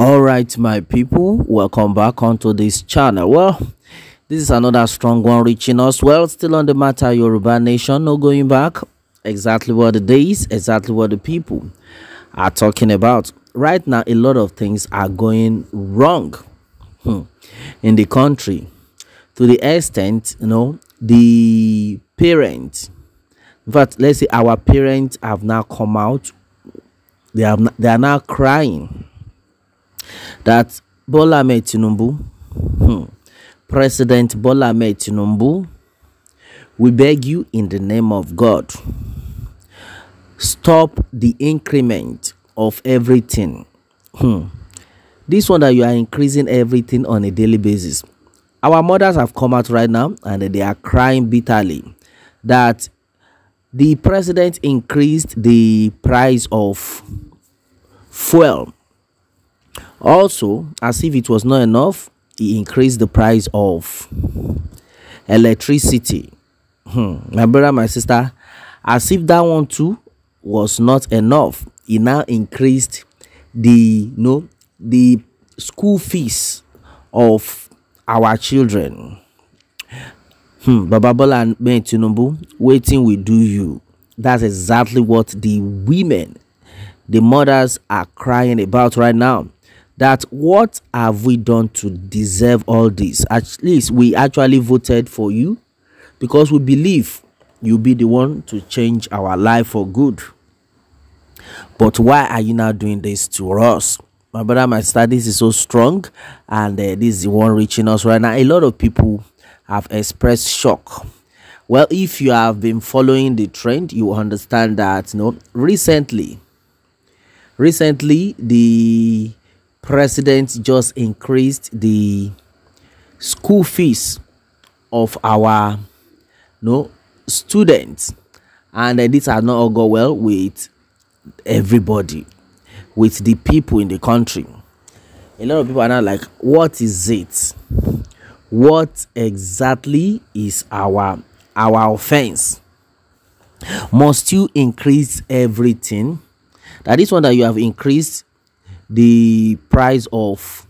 all right my people welcome back onto this channel well this is another strong one reaching us well still on the matter yoruba nation no going back exactly what the days exactly what the people are talking about right now a lot of things are going wrong hmm, in the country to the extent you know the parents but let's say our parents have now come out they have they are now crying that Bola Metinumbu, Tinubu, hmm, President Bola Metinumbu, Tinubu, we beg you in the name of God, stop the increment of everything. Hmm. This one that you are increasing everything on a daily basis. Our mothers have come out right now and they are crying bitterly that the president increased the price of fuel also, as if it was not enough, he increased the price of electricity. Hmm. My brother, my sister, as if that one too was not enough, he now increased the you know, the school fees of our children. Hmm, Bababola and Tinubu, waiting will do you. That's exactly what the women, the mothers are crying about right now that what have we done to deserve all this? At least we actually voted for you because we believe you'll be the one to change our life for good. But why are you now doing this to us? My brother, my studies is so strong, and uh, this is the one reaching us right now. A lot of people have expressed shock well, if you have been following the trend, you understand that you know recently, recently the president just increased the school fees of our you no know, students and uh, has not all go well with everybody with the people in the country a lot of people are now like what is it what exactly is our our offense must you increase everything that is one that you have increased the price of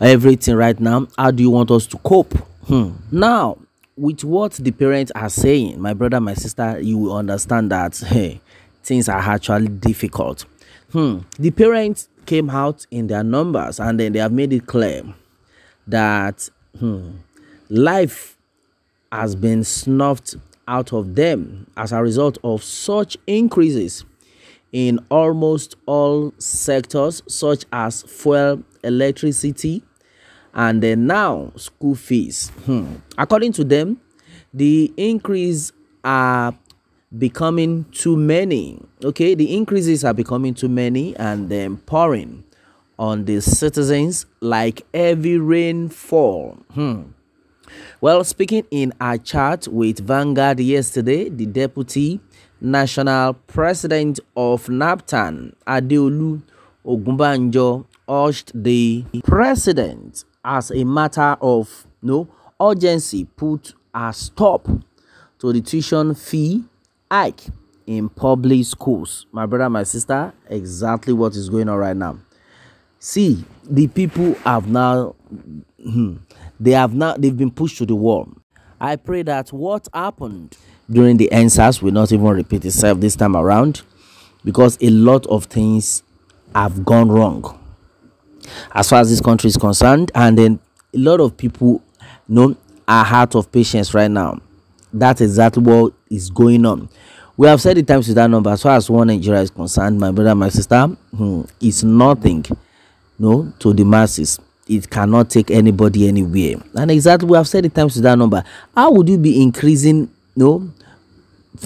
everything right now how do you want us to cope hmm. now with what the parents are saying my brother my sister you will understand that hey, things are actually difficult hmm. the parents came out in their numbers and then they have made it clear that hmm, life has been snuffed out of them as a result of such increases in almost all sectors such as fuel, electricity, and then now school fees. Hmm. According to them, the increase are becoming too many. Okay, the increases are becoming too many and then pouring on the citizens like heavy rainfall. Hmm. Well, speaking in a chat with Vanguard yesterday, the deputy National President of NAPTAN, Adeolu Ogunbanjo, urged the president as a matter of no urgency put a stop to the tuition fee hike in public schools. My brother, my sister, exactly what is going on right now. See, the people have now, hmm, they have now, they've been pushed to the wall. I pray that what happened during the answers will not even repeat itself this time around because a lot of things have gone wrong as far as this country is concerned. And then a lot of people know are out of patience right now. That's exactly what is going on. We have said it times with that number as far as one Nigeria is concerned, my brother, my sister, hmm, it's nothing no to the masses. it cannot take anybody anywhere. And exactly, we have said it times to that number. How would you be increasing no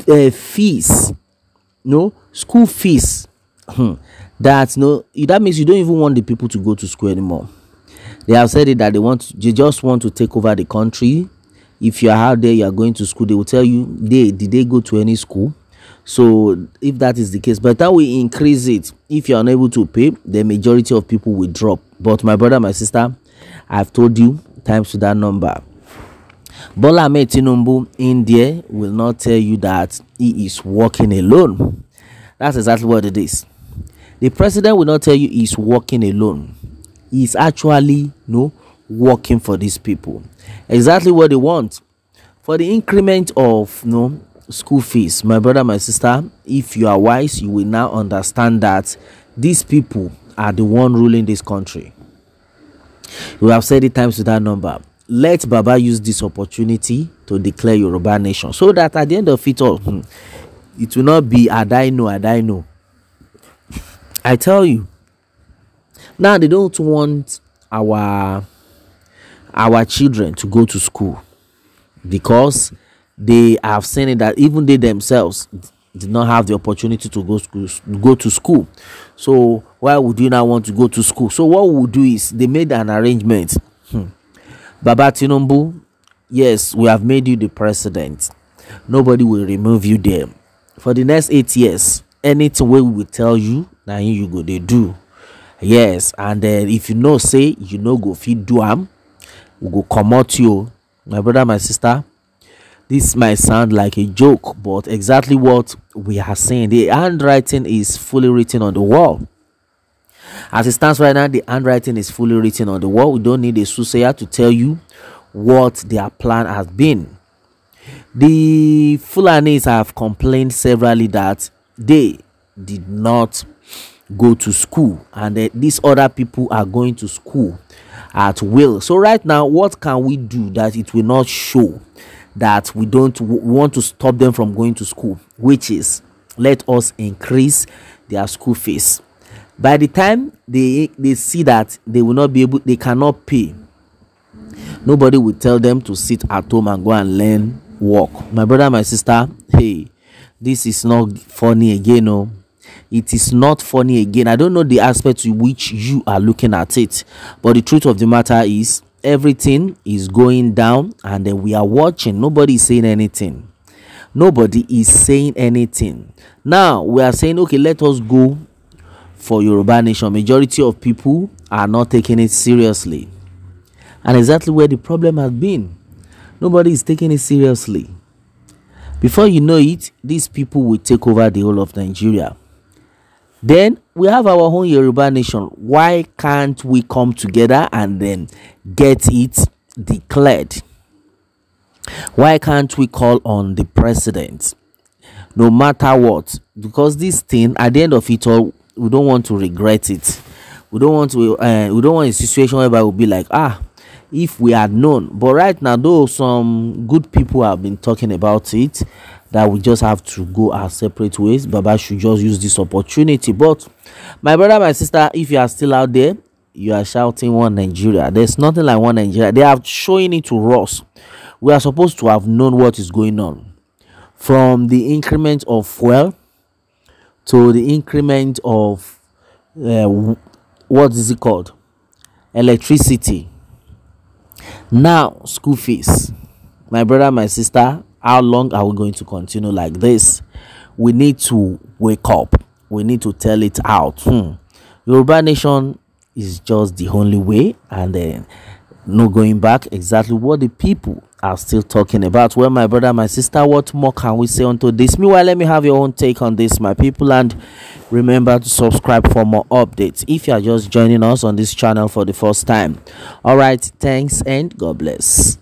uh, eh, fees, no school fees? Hmm. that no, that means you don't even want the people to go to school anymore. They have said it that they want, they just want to take over the country. If you are out there, you are going to school. They will tell you, they did they go to any school? so if that is the case but that we increase it if you are unable to pay the majority of people will drop but my brother my sister i've told you times to that number bola metinumbu india will not tell you that he is working alone that's exactly what it is the president will not tell you he's working alone he's actually no working for these people exactly what they want for the increment of you no know, school fees my brother my sister if you are wise you will now understand that these people are the one ruling this country we have said it times to that number let baba use this opportunity to declare yoruba nation so that at the end of it all hmm, it will not be adaino adaino i tell you now they don't want our our children to go to school because they have seen it that even they themselves did not have the opportunity to go school go to school so why would you not want to go to school so what we do is they made an arrangement hmm. baba tinubu yes we have made you the president nobody will remove you there for the next eight years anything wey we will tell you now you go They do yes and then if you know say you no go fit do am we go comot you my brother my sister This might sound like a joke, but exactly what we are saying. The handwriting is fully written on the wall. As it stands right now, the handwriting is fully written on the wall. We don't need a soothsayer to tell you what their plan has been. The Fulanis have complained severally that they did not go to school and that these other people are going to school at will. So, right now, what can we do that it will not show that we don't we want to stop them from going to school which is let us increase their school fees by the time they they see that they will not be able they cannot pay nobody will tell them to sit at home and go and learn work my brother my sister hey this is not funny again o. Oh. No it is not funny again i don't know the aspect to which you are looking at it but the truth of the matter is everything is going down and then we are watching nobody is saying anything nobody is saying anything now we are saying okay let us go for yoruba nation majority of people are not taking it seriously and exactly where the problem has been nobody is taking it seriously before you know it these people will take over the whole of nigeria then we have our own Yoruba nation. Why can't we come together and then get it declared? Why can't we call on the president? No matter what, because this thing at the end of it all, we don't want to regret it. We don't want to. Uh, we don't want a situation whereby we'll be like, ah, if we had known but right now though some good people have been talking about it that we just have to go our separate ways baba should just use this opportunity but my brother my sister if you are still out there you are shouting one nigeria there's nothing like one nigeria they are showing it to us we are supposed to have known what is going on from the increment of fuel to the increment of uh, what is it called electricity Now, school fees. My brother, my sister, how long are we going to continue like this? We need to wake up. We need to tell it out. Hmm. Yoruba Nation is just the only way, and then no going back exactly what the people are still talking about well my brother my sister what more can we say unto this meanwhile let me have your own take on this my people and remember to subscribe for more updates if you are just joining us on this channel for the first time all right thanks and god bless